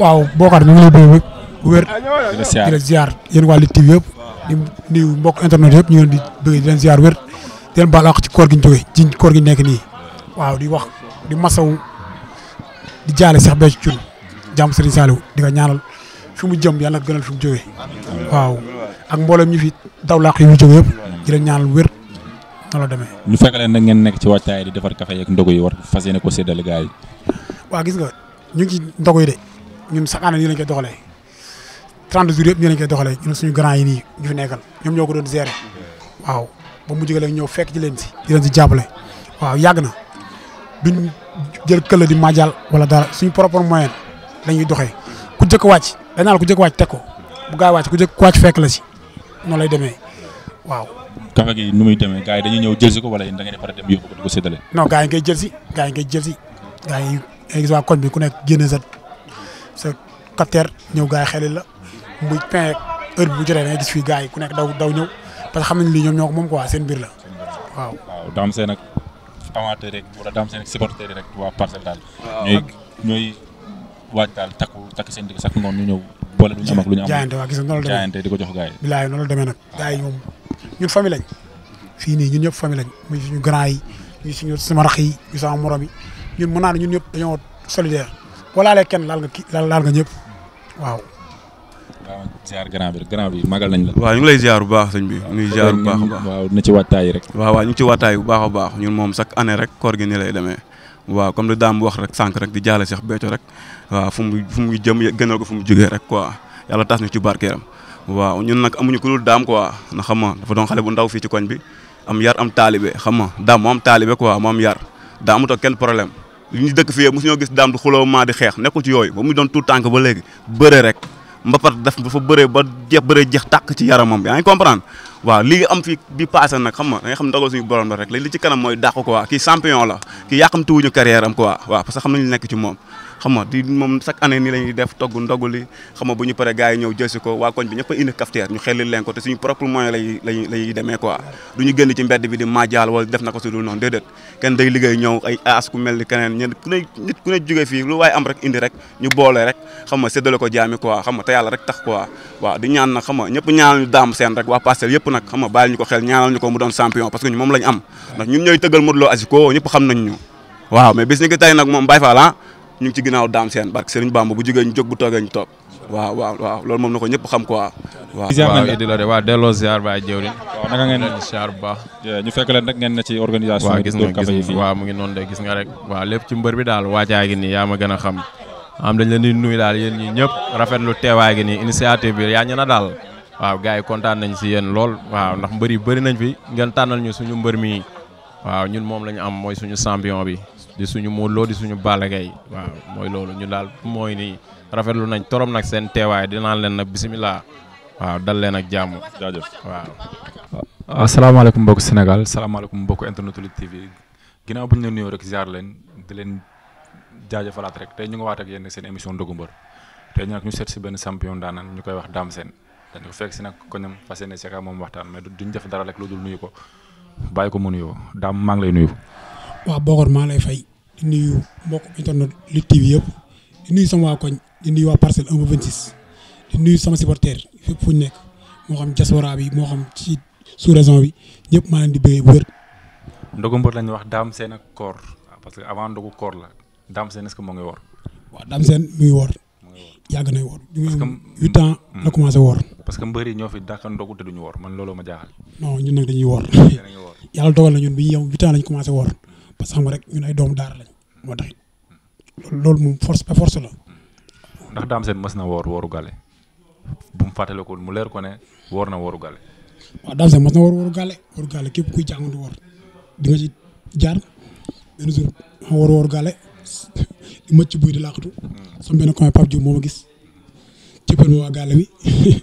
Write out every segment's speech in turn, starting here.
waaw Bokar ñu ngi lay bëgg wér. Ah, di la ziar di la yëpp. di nuyu mbokk internet yëpp ñu di bëgg di leen ziar wér. di leen baal àq ci koor gi ñu jógee ci koor gi nekk nii. waaw di wax di masawu di jaale sax bee ci cun jàmm Serigne di nga ñaanal fi jëm yàlla gënal fi mu jógee. waaw ak mboolem ñu fi daw làq yi mu jógee yëpp. di leen ñaanal wér. noonu la demee ñu fekk leen nag ngeen nekk ci waajtaay di defar kafe yeeg ndogu yi war fas yéene ko séddale gars waa gis nga ñu ngi ci ndogu yi de ñun chaque année nii lañ koy doxalee 30 jours yëpp nii lañ koy doxalee ñun suñu grand yi nii ñu fi nekkal ñoom ñoo ko doon gérer waaw ba mu jógee ñëw fekk ci leen si di leen waaw yàgg na bi jël këll di maajal wala dara suñu propre moyen la doxee ku jëkk wàcc dañ naan ku jëkk wàcc teg ko bu gaa wàcc ku jëkk wàcc fekk la si noonu lay demee waaw. kafe gi nu muy demee gars yi dañuy ñëw jël ko wala yéen da ngeen di pare dem yóbbu ko di ko séddale. non gars yi ngay jël si gars yi ngay jël si gars yi bi ku nekk génne sa sa capteur ñëw gars yi xelil la bu pein heure bi bu jotee da ngay gis fii gars yi ku nekk daw daw ñëw parce que xam nañ lii ñoom ñoo moom quoi biir la waaw. waaw daam seen ak amateur rek wala daam seen ak supporter rek waa parcelle daal. ñooy ñooy daal takku takk seen digg sax ngoon ñu ñëw. boole du ñu am ak lu ñu am jaayante waa gis nga noonu la demee jaayante di ko nag gars ñun famille fii nii ñun ñëpp famille lañ muy suñu grand yi ñu suñu sama rax yi ñu sama morom yi ñun mën naa ne ñun ñëpp dañoo solidaire boo laalee kenn laal nga kii ñëpp waaw. waaw ziar bi grand bi magal nañ la. waaw ñu ngi lay ziar bu baax sëñ bi ñu ngi ziar a baax waaw na rek. waaw waaw ñu ci wattaay bu baax a baax ñun moom chaque année rek koor gi ni lay demee waaw comme li daam wax rek sànq rek di jaale Cheikh Béthio rek waaw fu mu fu jëm gënal ko fu mu jógee rek quoi yàlla tas ñu ci barkeeram waaw ñun nag amuñu ku dul daam quoi na xam ma dafa doon xale bu ndaw fii ci koñ bi am yar am taalibe xam ma daam mu am taalibe quoi mu am yar daa amutoo kenn problème ñu dëkk fii mosu ñoo gis daam di xuloo maa di xeex nekkul ci yooyu ba muy doon tout tànk ba léegi bëre rek mbapat daf dafa bëre ba jeex bëre tàkk ci yaramam yaa ngi comprendre waaw lii am fii bi passé nag xam nga da nga xam ndogal suñu borom la rek léegi li ci kanam mooy dàq quoi kii champion la kii yàqamtuwuñu carrière am quoi waaw parce que xam nekk ci moom xam nga di moom chaque année nii def togg ndoguli xam bu ñu paree gars yi ñëw jël ko waa koñ bi ñëpp indi cafetière ñu xelil leen ko te suñu ñu ko parce que ñu moom lañ am ndax ñun ñooy tëggal Modou Lo Aziz ko ñëpp xam nañ ñu waaw mais bis ni ki tey nag moom Baye Fall ah ñu ngi ci ginnaaw daam seen barke Serigne Bamba bu jógee ñu jóg bu toogee ñu toog waaw waaw lool moom na ko ñëpp xam ko waaw waaw waaw delloo ziar ba jëwriñ. waaw naka ngeen di ziar bu baax. fekk leen rek ngeen ne ci organisation. waaw gis nga gis nga waaw mu ngi noonu de gis nga rek. waaw lépp ci mbër mi daal waajaay gi nii yaa ma gën a xam am dañ leen di nuyu daal yéen ñi ñëpp rafetlu teewaa gi nii initiative bi yaa ñu daal waaw gars yi kontaan nañ si yéen lool waaw ndax mbër yi bëri nañ fi ngeen tànnal ñu suñu mbër mi waaw ñun moom lañu am mooy suñu champion bi di suñu Modou Lo di suñu Balla Gaye waaw mooy loolu ñu daal mooy ni rafetlu nañ torop nag seen teewaay dinaan leen nag bisimilah waaw dal leen ak jàmm jaajëf waaw. Ah, asalaamaaleykum mbokku Sénégal salaamaaleykum mbokku internet Lutte TV ginnaaw bu ñu leen nuyoo rek jaar leen di leen jaajëfalaat rek tey ñu ngi waat ak yéen seen émission Ndogu Mbër tey ñu nag ñu seet si benn champion ñu koy wax Dame Sène dañu ko fekk si nag ko ñam fas yéene si moom waxtaan mais duñ def dara rek lu dul nuyu ko bàyyi ko mu nuyoo Dame maa lay nuyu. waa Bokor maa lay fay di nuyu mbokk internet Lutte TV yëpp di nuyu sama waa koñ di nuyu waa parcelle 1 ba 26 di nuyu fu ñu nekk moo xam diaspora bi moo xam ci sous raison bi ñëpp maa leen di bëggee bu wér. wax Dame Sène ak koor ah, koor la Dame Sène est-ce que moo ngi woor. waaw Dame Sène mi ngi woor. woor bi nga am huit ans la parce que mbër ñoo fi dàq ndogu te duñu woor man looloo ma jaaxal. non ñun nag dañuy woor. yàlla dogal na bi ñu yem huit lañu commencé woor. parce que rek ñun ay doomu daara lañ moo tax loolu moom force ba force la. ndax daam seen mës na woor wooru gale bu mu fàttale ko mu leer ko ne woor na wooru gale waaw daam seen mës na woor wooru gale képp kuy jàngandu woor di nga ci jaar benn jour di mëcc buy di laaxatu hmm. benn coin Pape Diouf moo ma gis cëppal ma waa gale bi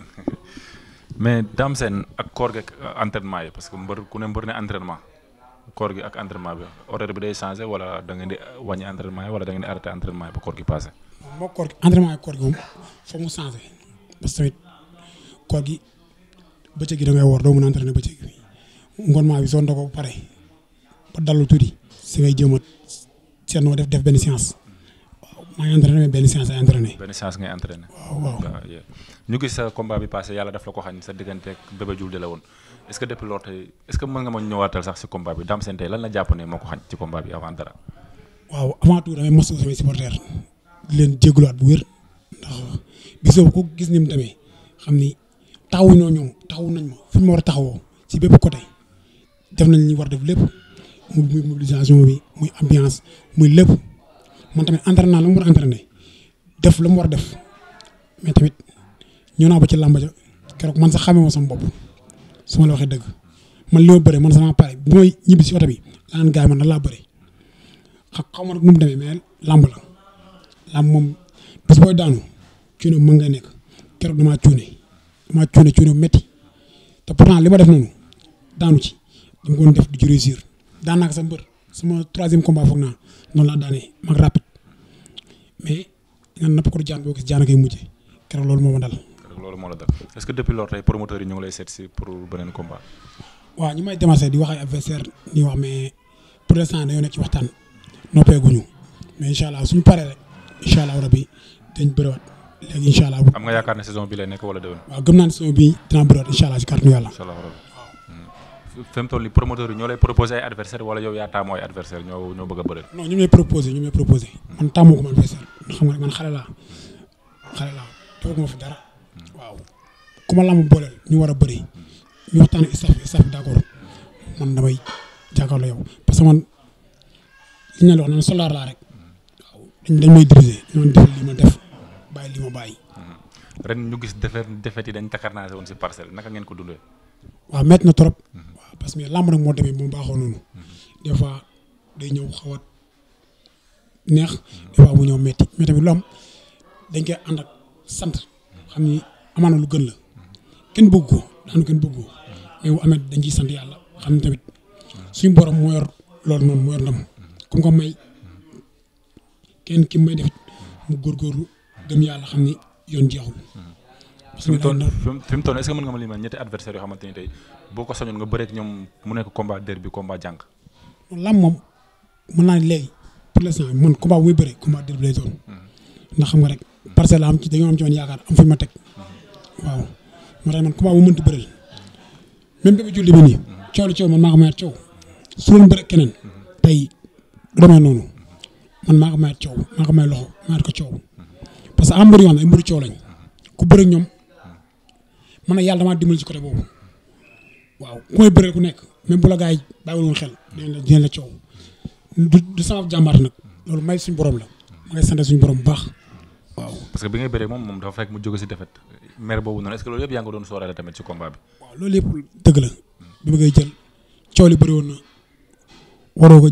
mais daam seen ak koor geeg entraînement yi parce que mbër ku ne mbër ne entraînement koor gi ak entraînement bi horaire bi day changé wala da di wàññi entraînement yi wala da di arrêté entraînement yi ba koor gi passé. moo koor gi entraînement yi koor gi moom foog mu gi da ngay woor doo mën a entraîné bëccëg gi ngoon maa bi a seet noo def def benn séance ngay entraîné. waaw ñu gis sa combat bi passé yàlla daf la ko xañ sa digganteeg bébé Diouldé la woon. est-ce que depuis loolu tey est-ce que mën nga ma ñëwaatal sax si combat bi Dame Sène tey lan la jàpp ne moo ko xañ ci combat bi avant dara. waaw avant tout damay leen jégaluwaat bu wér ndax bisoo ko gis ni mu demee xam ni taxawu ñoo ñoom taxawu nañ ma fi ma war a taxawoo si bépp côté def nañ li war def lépp muy mobilisation bi muy ambiance muy lépp man tamit entraîné naa la mu war a entraîné def la mu war a def mais tamit ñëw naa ba ci làmba ja keroog man sax xamee ma sama bopp. su ma la waxee dëgg man li ma bëri man sama pare bi mooy ñibbi si oto bi laa naan gars man nan laa bëri xa xaw ma nag nu demee mais làmb la làmb moom bis booy daanu cuune mën nga nekk keroog damaa cuune damaa cuune cuune métti te pourtant li ma def noonu daanu ci dama ko def du ci réussir daan naa ko sa mbër sama troisième combat foog naa noonu laa daanee mag rapide mais nan napp ko jaan boo gis jaan a koy keroog loolu moo ma dal loolu moo la dal est-ce que depuis loolu tey promoteurs ñu may démarché di wax adversaire di wax mais pour l'instant dañoo nekk ci waxtaan noppeeguñu mais incha suñu paree rek incha allah rabi dañ bëriwaat léegi incha allah. am nga yaakaar ne saison bi lay nekk wala déwén. waaw gëm naa ne saison bi dina bëriwaat incha allah si kàttanu yàlla. incha mm. toll nii promoteurs yi ñoo lay proposé ay adversaire wala yow yaa taamu ay adversaire ñoo bëgg a bëri. non ñu may proposé ñu may proposé ku ma lamb booleel ñu war a bëri ñu waxtaan ak staff bi staff bi d'accord man damay jàkkaarloo yow parce que man li ñu leen wax noonu laa rek waaw dañ dañ may diriger dañ ma def bàyyi li ma bàyyi. Hmm. ren ñu gis defet yi dañ takarnaase woon si parcelle naka ngeen ko dundee. waaw métti na trop. Hmm. waaw parce que lamb nag moo demee bu mu baaxoo noonu. Hmm. des day ñëw xaw a neex. des fois ñëw métti mais tamit lu dañ koy ànd ak sant xam ni. amaana lu gën la kenn bëgg ko daanu kenn bëgg ko mais bu amee dañ ci sant yàlla xam ne tamit suñu borom moo yor loolu noonu moo yor ndam comme ko may kenn ki may defit mu góorgóorlu gëm yàlla xam ni yoon jeexul. fi mu toll fi mu toll est-ce que mën nga ma limal ñetti adversaire yoo xamante ni tey boo ko sañoon nga bëreek ñoom mu nekk combat derby combat jàng. lam moom mën naa ne léegi pour l'instant man combat bu muy lay doon. Hmm. ndax xam nga rek parcelle am ci dañoo ci man am ma teg. waaw moo tax man combat bu mënti bëreel même Bébé Diouldé bi nii coow la coow man maa ko mayaat coow su doon bëre keneen tey demee noonu man maa ko mayaat coow maa ko may loxo mayaat ko coow parce que am mbër yoo xam ne ay mbëru coow lañ ku bëre ñoom man nag yàlla damaa dimbali ci côté boobu waaw ku may bëreel ku nekk même bu la gars yi bàyyiwul woon xel dinañ la dinañ la coow du du sama jàmbaar nag loolu may suñu borom la ma ngay sant suñu borom bu baax waaw. parce que bi ngay bëree moom moom dafa fekk mu jóge si defet mer boobu noonu est-ce que loolu yëpp yaa ngi doon sóoraale tamit ci combat bi. waaw loolu yëpp dëgg la bi ma koy jël coow li bëri woon na waroo ko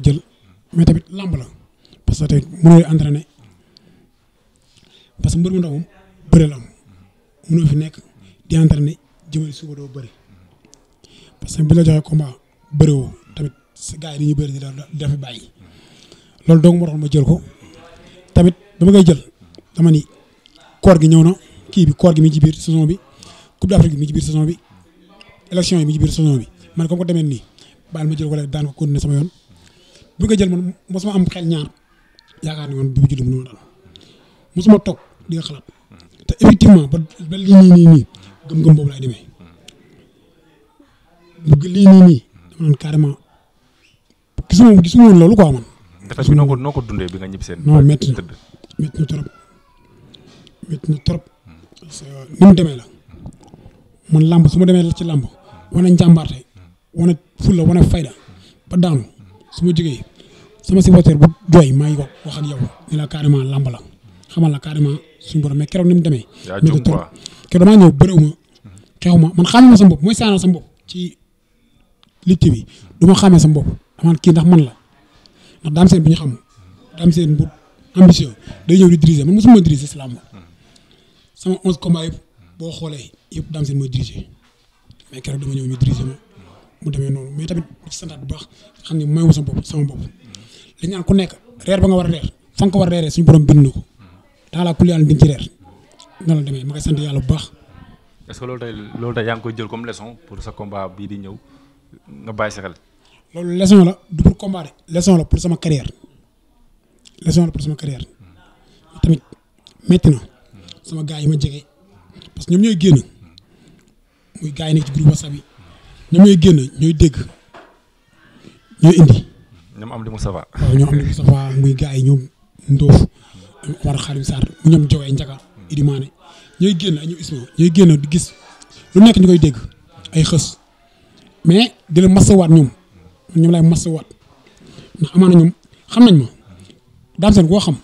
jël war tamit làmb la parce que tamit mënoo entraîné parce que mu ndaw moom bëri la am fi nekk di entraîné jëmale suba doo bëri parce que bi joxee combat bëri woo tamit sa gars yi dañuy bëri di dafa bàyyi loolu donc moo tax ma jël ko tamit dama koy jël dama ni koor gi ñëw na. kii bi koor gi mi ngi ci biir saison bi coupe d'Afrique bi mi ci biir saison bi élection yi mi ngi ci biir saison bi man comme ko demee nii baal ma jël wala daan ko continuer sama yoon bu nga jël man mosuma am xel ñaar yaakaar ne man bu julli mënuma dal mosuma toog di nga xalaat te effectivement ba ba lii nii nii nii gëm-gëm boobu laay demee bu lii nii nii dama naan gisuma gisuma woon loolu quoi man. defar bi noo ko noo ko dundee bi nga ñibbi seen. non métti trop métti trop. ni mu demee la man làmb su ma demee ci làmb wane njàmbaarte wane fulla wane fayda ba daanu su ma jógee sama supporter bu jooy maa ngi wax ak yow ni la carrément làmb la xamal la carrément suñu borom mais keroog mu demee. yaa jum quoi keroog damaa ñëw bëriwuma xewuma man xamuma mooy saanal sama ci litti bi du ma xamee sama bopp amaan kii ndax man la ndax daam seen bu ñu xam daam seen bu ambitieux day ñëw di diriger mu mosuma diriger si làmb sama onze combats yëpp boo xoolee yëpp Dame Sène mooy dirigé mais keroog dama ñëw ñu dirigé ma mu demee noonu mais tamit ci santaat bu baax xam ne may wu sama bopp sama bopp li ku nekk reer ba nga war a reer fa nga war a reeree suñu borom bind ko dans la kuliyaan di ci reer noonu la demee koy sant yàlla bu baax. est-ce que loolu tey loolu tey yaa ngi koy jël comme leçon pour sa combat bii di ñëw nga bàyyi sa xel. loolu leçon la du pour combat de leçon la pour sama carrière leçon la pour sama carrière tamit métti na. sama gars yi ma jege parce que ñoom ñooy génn muy gars yi ñooy génn ñooy dégg ñooy indi. ñoom am di Moustapha. waaw ñoom am di Moustapha muy gars yi ñoom Ndoof a Xalim Sarr mu ñoom Jowee Njaga Idi ñooy génn ak ñoom Isma ñooy génn di gis lu nekk ñu koy dégg ay xës mais di la masawaat ñoom ñoom laay masawaat ndax amaana ñoom xam nañ ma daam seen koo xam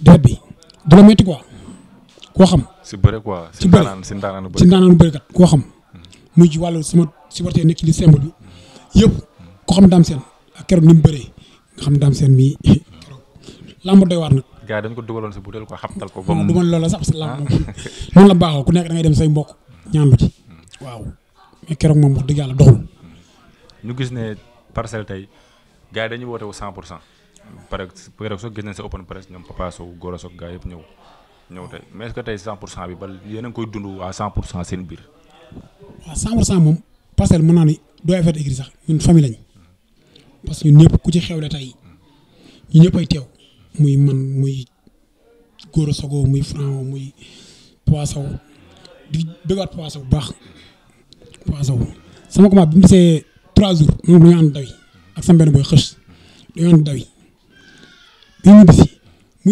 defet bi du la métti quoi. koo xam. si bëre quoi si ndaanaan si ndaanaanu bëre si ndaanaanu bërekat koo xam. Hmm. mu ci wàllu sama supporter nekk ci li symbole bi yëpp koo xam daam seen ak keroog ni mu bëree nga xam daam seen mii keroog làmb doy waar nag. gars dañ ko dugaloon si butéel ko xamtal ko. ba mu ma loola sax parce que làmb ah. moom noonu la baaxoo ku nekk da dem say mbokk ñaan lu ci. Hmm. waaw mais keroog moom wax dëgg yàlla doxul. Hmm. ñu gis ne parcelle tey gars yi dañuy woote wu 100 pour cent. pare keroog soo gis nañ sa open press ñoom Papa Sow Gora Sock gars yëpp ñëw. ñëw tey mais est tey 100 pour cent bi ba yéen a ngi koy dund à 100 pour cent seen biir. waaw 100 pour cent moom parcelle mën naa ni doo affaire écrit sax ñun famille lañ parce que ñun ku ci xewle tey ñu ay teew muy man muy Gora Sogo muy Franc muy Poisson di bëggaat Poisson bu baax Poisson sama commande bi mu desee 3 jours muy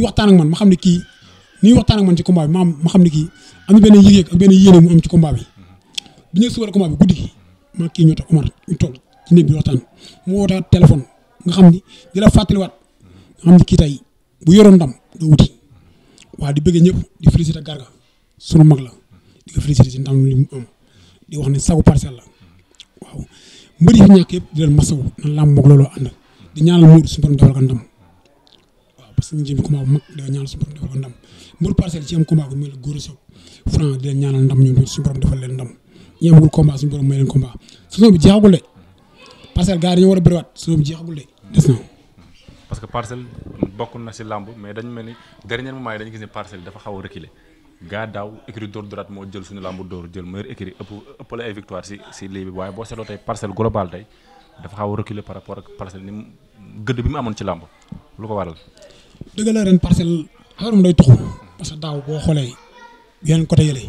waxtaan ak man ma xam ne kii. ñuy waxtaan ak man ci combat bi ma xam ne kii am na benn yëg-yëg ak benn yéene mu am ci combat bi bi ñu subal combat bi guddi gi maa kii ñoo tax Omar ñu toog ci néeg bi waxtaan mu wootaat téléphone nga xam ni di la fàttaliwaat kii tey bu yoroon ndam doo wuti waa di bëggee ñëpp di te Garga sunu mag la di ko félicité ci ndam li am di wax ni sagu parcelle la waaw mbëri yi fi ñàkk yëpp di leen masawu na làmb moog looloo ànd di ñaanal muur suñu borom defal ko ndam parce que ñu jëm combat bu mag di ñaan suñu borom defal ndam mbër parcelle ci am combat bu mel ni Gora Sock franc di ñaanal ndam ñun suñu suñu borom may a bëriwaat saison bi jeexagul de des na. parce que parcelle bokk na si làmb mais dañu mel ni dernier moment yi dañu gis ne parcelle dafa xaw a reculer gaa daaw écurie Dóor moo jël suñu làmb Dóor jël meilleur écurie ëpp ëppale ay victoire si si waaye boo seetloo tey parcelle globale tey dafa xaw a reculer par rapport ak parcelle ni gëdd bi mu amoon ci làmb lu ko waral dëgg la ren parcelle affaire am day tuxu parce que daaw boo xoolee yeneen côté yële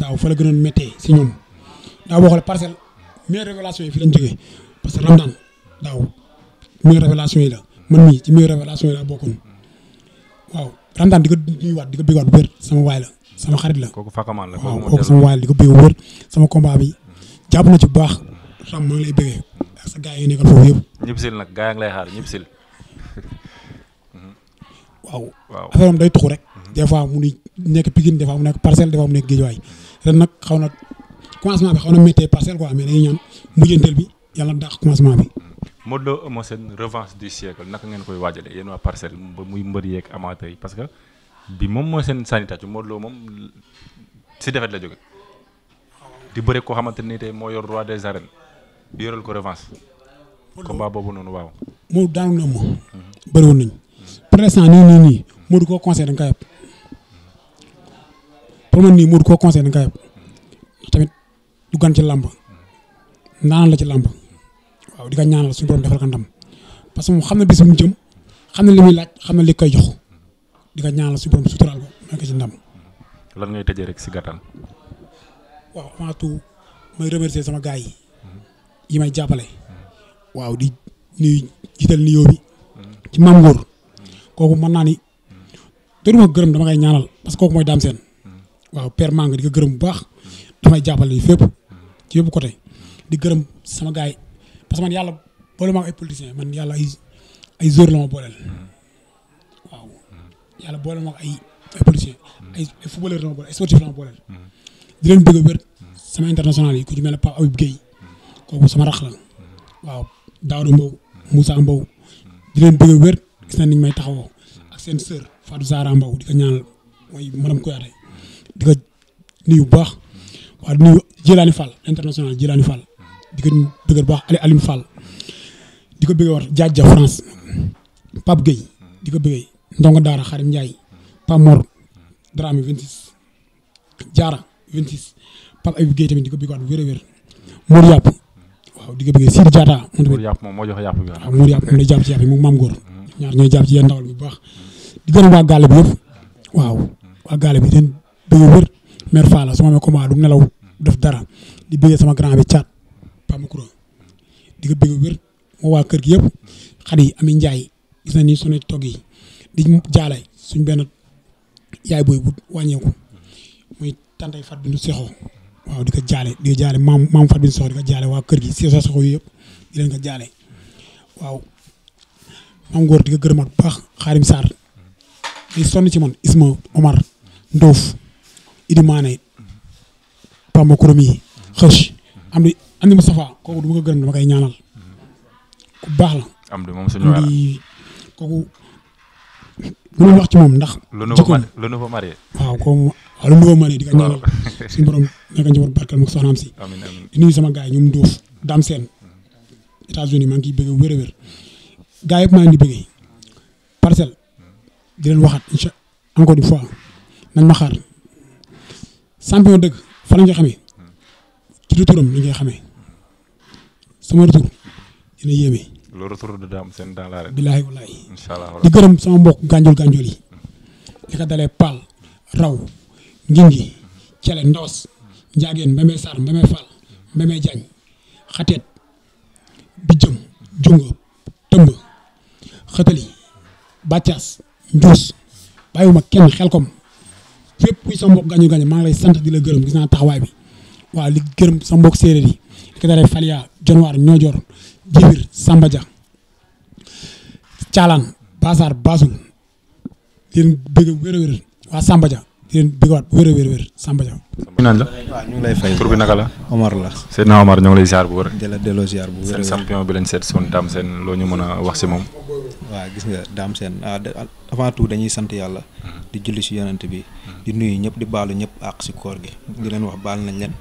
daaw fa la gënoon méttee si ñoom daaw boo xoolee parcelle meilleure révélation yi fi lañ jógee parce que Ramadan daaw meilleure révélation yi la man mii ci meilleure révélation yi la bokkoon waaw Ramadan di ko nuyuwaat di ko bégwaat bu wér sama waay la sama xarit la kooku fakamaan la waaw kooku sama waay la di ko bég bu sama combat bi jàpp na ci baax ram maa lay bégee ak sa gars yi nekkal foofu yëpp ñëpp sil nag gars yi ngi lay xaar ñëpp sil waaw affaire am day tuxu rek des fois mu ni nekk Pikine des fois mu nekk parcelle des fois mu nekk Guédiawaye nag xaw na commencement bi xaw na méttee parcelle quoi mais dañuy ñaan mujjanteel bi yàlla daax commencement bi naka ngeen koy waajalee yéen waa parcelle muy mbër yeeg amateur yi que bi moom mooy seen sanitaire Modou Lo moom si defet la jóge di bëre koo xamante ni tey moo yor de des arènes yoral ko revanche combat boobu noonu waaw moo daanu na ma pour l'instant nii nii nii Modou koo conseil da nga koy pour man nii Modou koo conseil nga koy tamit du gan ci làmb naan la ci làmb waaw di ko ñaanal suñu borom defal ko ndam parce que moom xam na bis bu mu jëm xam na li muy laaj xam na li koy jox di ka ñaanal suñu borom suturaal ko may ko ci ndam. lan ngay tëjee rek si gàttal. waaw avant tout may remercier sama gars yi yi may jàppale mm. waaw di nuyu jiital nuyoo bi mm. ci Mame Ngor kooku mën naa ni dootuma gërëm dama koy ñaanal parce que kooku mooy daam seen waaw père Manga di ko gërëm bu baax damay jàppale yi fépp ci yëpp côté di gërëm sama gars parce que man yàlla boole ma ay politiciens man yàlla ay ay la ma booleel waaw yàlla boole ma ay ay politiciens ay ay footballeurs booleel ay sportifs la booleel di leen wér sama international yi ku ci mel ne Pape Abib Gueye kooku sama rax la waaw Daouda Mbow Moussa Mbow di leen wér gis nañ niñ may taxawoo ak seen sœur Fatou Zahra Mbow di ko ñaanal mooy madame Kouyaté di ko nuyu bu baax waa di nuyu Jilani Fall international Jilani Fall di ko bëgg baax Ali Alim Fall di ko bëgg war Diadja France Pape Gueye di ko bëggee ndongo Daara Xarim njaay Pape Mor Dramé 26 Diarra 26 Pape Ayib Gueye tamit di ko bëgg waat wér a wér Mour Yàpp waaw di ko bëggee Sidi Diatta moom tamit Mour Yàpp moom moo joxe yàpp Yàpp moom maam góor ñaar ñooy jàpp ci yéen ndawal bu baax di gërëm waa gàlle bi yëpp waaw waa gàlle bi den bëgg wër mère Fala su ma amee combat du nelaw def dara di bëggee sama grand bi caat Pamakuro di ko bëgg wër moo waa kër gi yëpp xar yi Ami njaay gis na ni sunu togg yi di jaale suñ benn yaay booy bu wàññeeku muy tantay fat bi nu sexoo waaw di ko jaale di ko jaale maam maam fat bi nu di ko jaale waa kër gi sexoo sexoo yëpp di leen ko jaale waaw maam góor di ko gërëmaat bu baax xaarim Sarr sonn ci man Isma Omar Ndoof Idi Maane Pamba Kouromi xëch am di am di Moustapha kooku du ma gërëm dama koy ñaanal ku baax la. am di moom suñu moom ndax. jikkoom le nouveau waaw kooku waaw le nouveau marié di ko ñaanal suñu borom nekk njaboot barkeel moom soxnaam si. di nuyu sama gars yi ñoom Ndoof Dame États-Unis maa ngi ciy bëgg wér gaa yëpp maa ngi di bëggee parcelle di leen waxaat incha encore une fois nañ ma xaar champion dëgg fa la nga xamee ci retouram li nga xamee sama retour dina yéeme. le retour de Dame Sène dans l'arène. billaahi wallaahi. incha allah di gërëm sama mbokk gànjool gànjool yi. li ko dalee Paal Raw Ngingi Cele Ndoos Njaageen Mbembe Sarr Mbembe Fall Mbembe Diagne Xateet Bijjëm Junga Tëmb. xëtali bàccaas njuus bàyyiwuma kenn xel kom fépp kuy sa mbokk gañu maa ngi lay sant di la gërëm gis naa taxawaay bi waa li gërëm sa mbokk séeréer yi li ko daree Falia Jonwaar Ñoojoor Jibir Samba Dia Caalaan Basaar Basul di leen bëgg wér a wér waa Samba Dia di a la waaw tur bi naka la Omar la. Seydina Omar ñu ngi lay ziar bu wër. di la delloo seen champion bi lañ seet si tam seen loo ñu mën a wax si moom. waaw gis nga daam seen ah, avant tout dañuy sant yàlla mm-hmm. di julli si yonent bi mm-hmm. di nuyu ñëpp di baalu ñëpp àq si koor gi mm-hmm. di leen wax baal nañ leen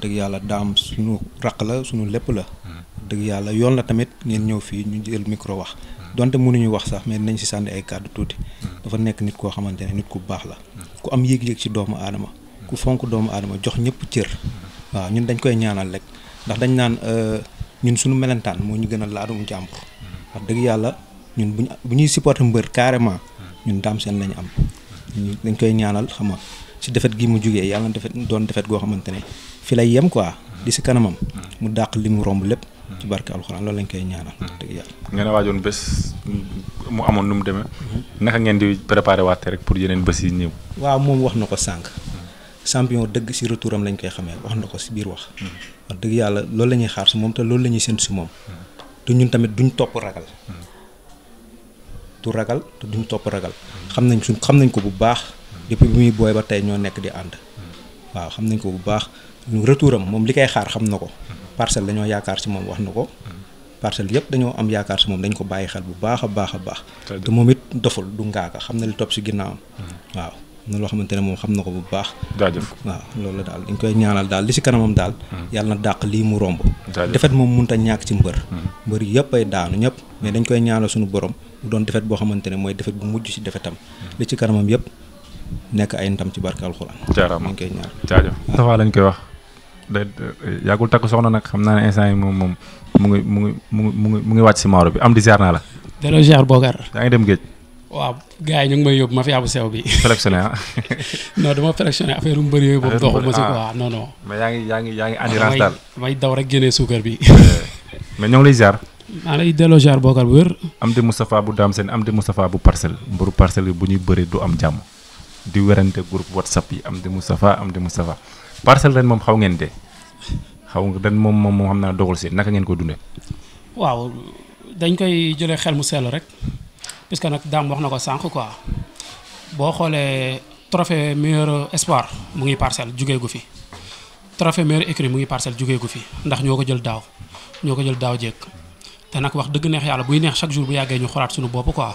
dëgg yàlla daam suñu raq la suñu lépp la dëgg yàlla yoon la tamit ngeen ñëw fii ñu jël micro wax donte mënuñu wax sax mais nañ si sànni ay kàddu tuuti dafa nekk nit koo xamante ne nit ku baax la ku am yéeg-yéeg ci doomu aadama ku fonk doomu aadama jox ñëpp cër waaw ñun dañ koy ñaanal lekk ndax dañ naan euh, ñun suñu melentaan moo ñu gën a laadum jàmbur wax ñun bu ñu bu ñuy supporter mbër carrément ñun daam seen lañu am dañ koy ñaanal xam nga si defet gi mu jugee yàlla na defet doon defet goo xamante ne fi lay yem quoi di si kanamam mu dàq li mu romb lépp ci barke alxuraan loolu lañ koy ñaanal dëgg yàlla ngeen a waajoon bés mu amoon nu mu demee naka ngeen di préparé waatee rek pour yeneen bés yi ñëw waaw moom wax na ko sànq champion dëgg si retouram lañ koy xamee wax na ko si biir wax wax dëgg yàlla loolu la ñuy xaar si moom te loolu la ñuy séntu si moom te ñun tamit duñ topp ragal du ragal te duñ topp ragal. xam nañ suñ ko bu baax. depuis bi muy booy ba tey ñoo nekk di ko bu baax ñu retour li koy xaar xam na ko. parcelle dañoo yaakaar si moom wax na ko. parcelle yëpp dañoo am yaakaar si moom dañ ko bàyyi xel bu baax a baax a baax. te moom it du ngaaka xam na li topp si ginnaawam. waaw na loo xamante ne moom xam na ko bu baax. jaajëf waaw loolu daal dañ koy ñaanal daal li si kanamam daal. Hmm. yàlla na dàq lii mu romb. defet moom mënut a ñàkk ci mbër. Hmm. mbër yëpp ay daanu ñëpp mais dañ koy ñaanal suñu borom. mu doon defet boo xamante ne mooy defet bu mujj si defetam li ci kanamam yëpp nekk ay ndam ci barke alxuraan. jaaraama koy ñaar jaajëf. Moustapha lañ koy wax day yàggul takk soxna nag xam naa ne instant yi moom moom mu ngi mu ngi mu ngi mu ngi mu ngi wàcc bi am di ziar naa la. delloo ziar Bokar. yaa ngi dem géej. waaw gars yi ñu ngi may yóbbu ma fi abu sew bi. sélectionné ah. non dama affaire yu bëri yooyu boobu doxuma si quoi ah. non non. mais yaa ngi yaa ngi yaa ngi andi ah, daal. may daw rek génnee suukar bi. Eh. mais ñoo ngi lay ziar. maa lay delloo jaar bookar bu wér. am di Moustapha bu daam seen am di Moustapha bu parcelle mburu parcelle bu ñuy bëri du am jàmm di werante groupe whatsapp yi am di Moustapha am di Moustapha parcelle ren moom xaw ngeen dee xaw ren moom moom moo xam naa dogal si naka ngeen ko dundee. waaw dañ koy jëlee xel mu sell rek parce nag daam wax na ko sànq quoi boo xoolee trophée meilleur espoir mu ngi parcelle jugee ko fi trophée meilleur écurie mu ngi parcelle jugee ko fi ndax ñoo ko jël daaw ñoo ko jël daaw jékk te nag wax dëgg neex yàlla buy neex chaque jour bu yàggee ñu xoraat suñu bopp quoi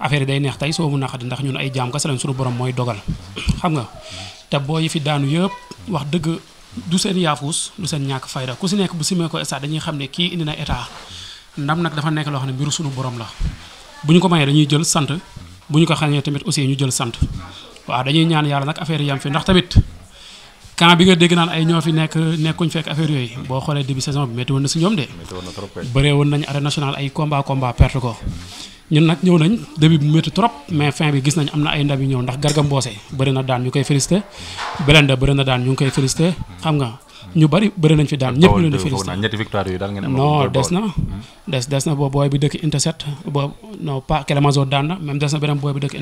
affaire day neex tey soo mu naqadi ndax ñun ay jaam kese lañ suñu borom mooy dogal xam nga te booy fi daanu yëpp wax dëgg du seen yaafuus lu seen ñàkk fayda ku si nekk bu simee ko état dañuy xam ne kii indi na état ndam nag dafa nekk loo xam ne mbiru suñu borom la bu ñu ko mayee dañuy jël sant bu ñu ko xañee tamit aussi ñu jël sant waaw dañuy ñaan yàlla nag affaire ndax tamit camp bi nga dégg naan ay ñoo fi nekk nekkuñ fekk affaire yooyu boo xoolee début saison bi métti woon na si ñoom de. métti woon na trop bëree woon nañu arène nationale ay combat combat perte ko. ñun nag ñëw nañ début bu métti trop mais fin bi gis nañ am na ay ndam yu ñëw ndax Garga Mbossé bëri na daan ñu koy félicité Belenda bëri na daan ñu ngi koy félicité xam nga ñu bëri bëri nañ fi daan ñëpp ñu leen di félicité ñetti victoire yu daal ngeen am des na hmm. des na booy bi dëkk intercept boobu non pas Kélémazo daan na même des na beneen booy bi dëkk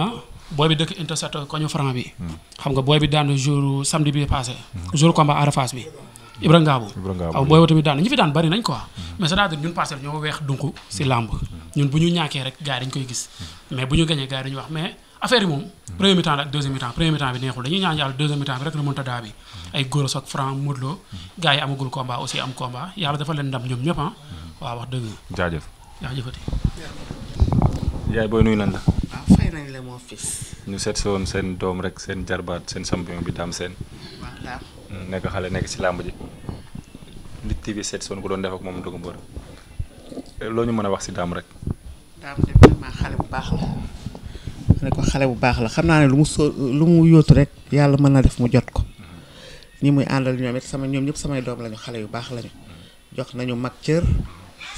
ah, na booy bi dëkk intersect koñu franc bi. Hmm. xam nga booy bi daan jour samedi bi passé. Hmm. jour combat arafas bi. Hmm. Ibra Ngaabu aw booy tamit daan ñi fi daan bari nañ quoi mais c'est-à-dire ñun parcelle ñoo weex dunq si làmb ñun bu ñu ñàkkee rek gars yi dañ koy gis mais bu ñu gañee gars yi dañuy wax mais affaire yi moom premier mi-temps la ak deuxième mi-temps premier bi neexul dañuy ñaan yàlla deuxième mi-temps bi rek remontada bi ay góor ak franc Modou Lo yi aussi am combat yàlla dafa leen ndam ñoom ñëpp ah waaw wax dëgg jaajëf jaajëfati yaay la fay nañ la mon fils. ñu seet si woon seen doom rek seen jarbaat seen champion bi daam seen. waaw nekk xale nekk si làmb ji. Lutte TV seet si woon doon defak moom Ndongo Mbeur eh, loo ñu mën a wax si daam rek. daam xale bu baax la. ne ko xale bu baax la xam naa ne lu mu so lu mu yóotu rek yàlla mën na def mu jot ko. Mm-hmm. ñi muy àndal ñoom it sama ñoom ñëpp samay doom lañu xale yu baax lañu. Mm-hmm. jox nañu mag cër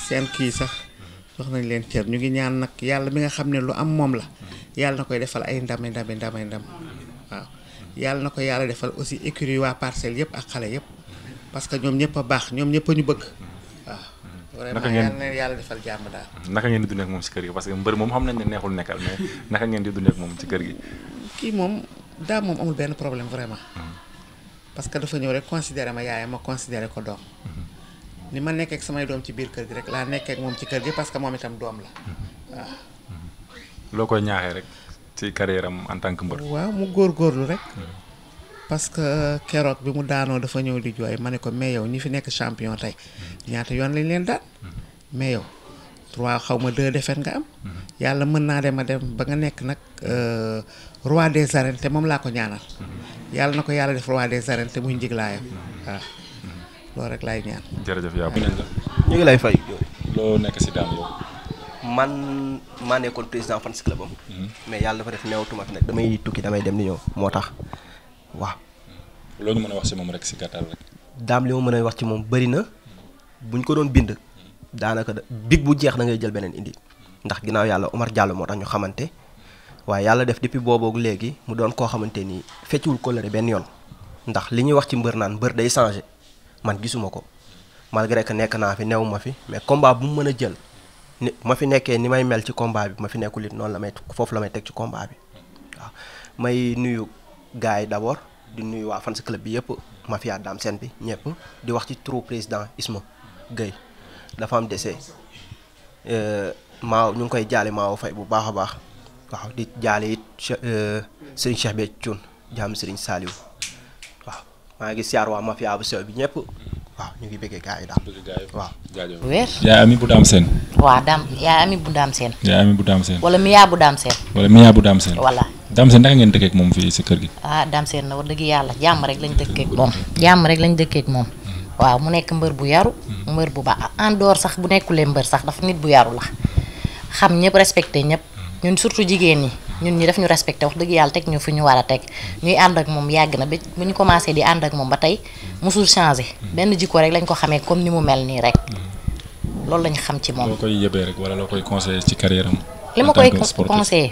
seen kii sax. wax nañ leen cër ñu ngi ñaan nag yàlla mi nga xam ne lu am moom la yàlla na koy defal ay ndam ndami ndamay ndam waaw yàlla na ko yàlla defal aussi écurie waa parcelle yëpp ak xale yëpp parce que ñoom ñëpp a baax ñoom ñëpp a ñu bëgg waaw. naka ngeen vraiment yàlla defal jàmm daal. naka ngeen di dundee ak moom ci kër gi parce que mbër moom xam nañ ne neexul nekkal naka ngeen di dundee moom ci kër gi. kii moom daa moom amul benn problème vraiment. Mm-hmm. parce que dafa ñëw rek considéré ma yaayam ma considéré ko doom. Mm-hmm. ni ma nekkee samay doom ci biir kër gi rek laa nekkee moom ci kër gi parce que moom itam doom la waaw. loo koy ñaaxee rek ci carrière en tant que mbër. waa mu góor góorlu rek. parce que keroog bi mu daanoo dafa ñëw di jooy ma ne ko mais yow ñi fi nekk champion tey ñaata yoon lañ leen daan mais yow trois xaw ma deux défaites nga am. yàlla mën naa dem a dem ba nga nekk nag euh, roi des arènes te moom laa ko ñaanal. yàlla na ko yàlla def roi des arènes te muy njiglaayam waaw. loolu rek laay jërëjëf yaa ñu ngi lay fay. loo nekk si daam yow. man maa nekkoon président fan club am. Hmm. mais yàlla dafa def néewtuma fi nag damay tukki damay dem ni ñëw moo tax waaw. Hmm. loo mën a wax moom rek si gàttal rek. li ma mën a wax ci moom bëri na buñ ko doon bind. daanaka da big bu jeex na ngay jël beneen indi. ndax ginnaaw yàlla Omar Diallo moo tax ñu xamante waaye yàlla def depuis booboog léegi mu doon koo xamante ni fecciwul kóllëre benn yoon ndax li ñuy wax ci mbër naan mbër day changé. man gisuma ko malgré que nekk naa fi new ma fi mais combat bu mu mën a jël ni ma fi nekkee ni may mel ci combat bi ma fi nekkul it noonu la may foofu la may teg ci combat bi may nuyu gars yi d'abord di nuyu waa fans club bi yëpp mafia Dame Sène bi ñëpp di wax ci turu président Isma Gueye dafa am décès euh, maaw ñu ngi koy jaale maaw fay bu baax a baax waaw di jaale it euh, Serigne Cheikh Béthio Thioune jaam Serigne Saliou maa ngi siyaar waa mafia bu sew bi ñëpp waaw ñu ngi bëggee gars yi daal waaw. weer. yaay ami bu daam seen. waa daam yaay ami bu daam seen. yaay ami bu daam seen. wala miyaa bu daam seen. wala miyaa bu daam seen. voilà daam seen naka ngeen dëkkeek moom fii si ah, na wax yàlla jàmm rek lañ dëkkeek moom. jàmm rek lañ dëkkeek moom. waaw mu nekk mbër bu yaru. mbër bu baax en dehors sax bu nekkulee mbër sax dafa nit bu yaru la. xam ñëpp respecté ñëpp ñun surtout jigéen ñi ñun ñi daf ñu respecté wax dëgg yàlla teg ñu fu ñu war a teg ñuy ànd ak moom yàgg na ba bu ñu commencé di ànd ak moom ba tey mosul changé benn jikko rek lañ ko xamee comme ni mu mel nii rek loolu lañ xam ci moom. loo koy rek wala loo koy conseillé ci carrière am li ma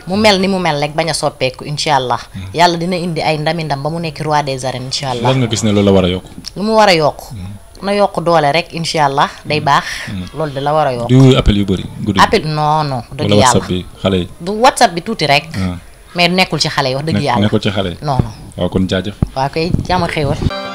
mu mel ni mu mel rek bañ a soppeeku incha allah. Hmm. yàlla dina indi ay ndami ndam ba mu nekk roi des arènes incha allah. lan nga gis ne loolu la war a yokk. lu mu war a yokk. Hmm. na yokk doole rek incha allah day mm. baax. Mm. loolu da la war a yokk. di wuyu appel yu bëri. guddi appel noo non. dëgg yàlla wala whatsapp bi tuuti rek. Ah. mais nekkul ci xale yi wax dëgg yàlla. nekkul ci xale yi non non. waaw kon jaajëf. waaw kay jàmm xéewal.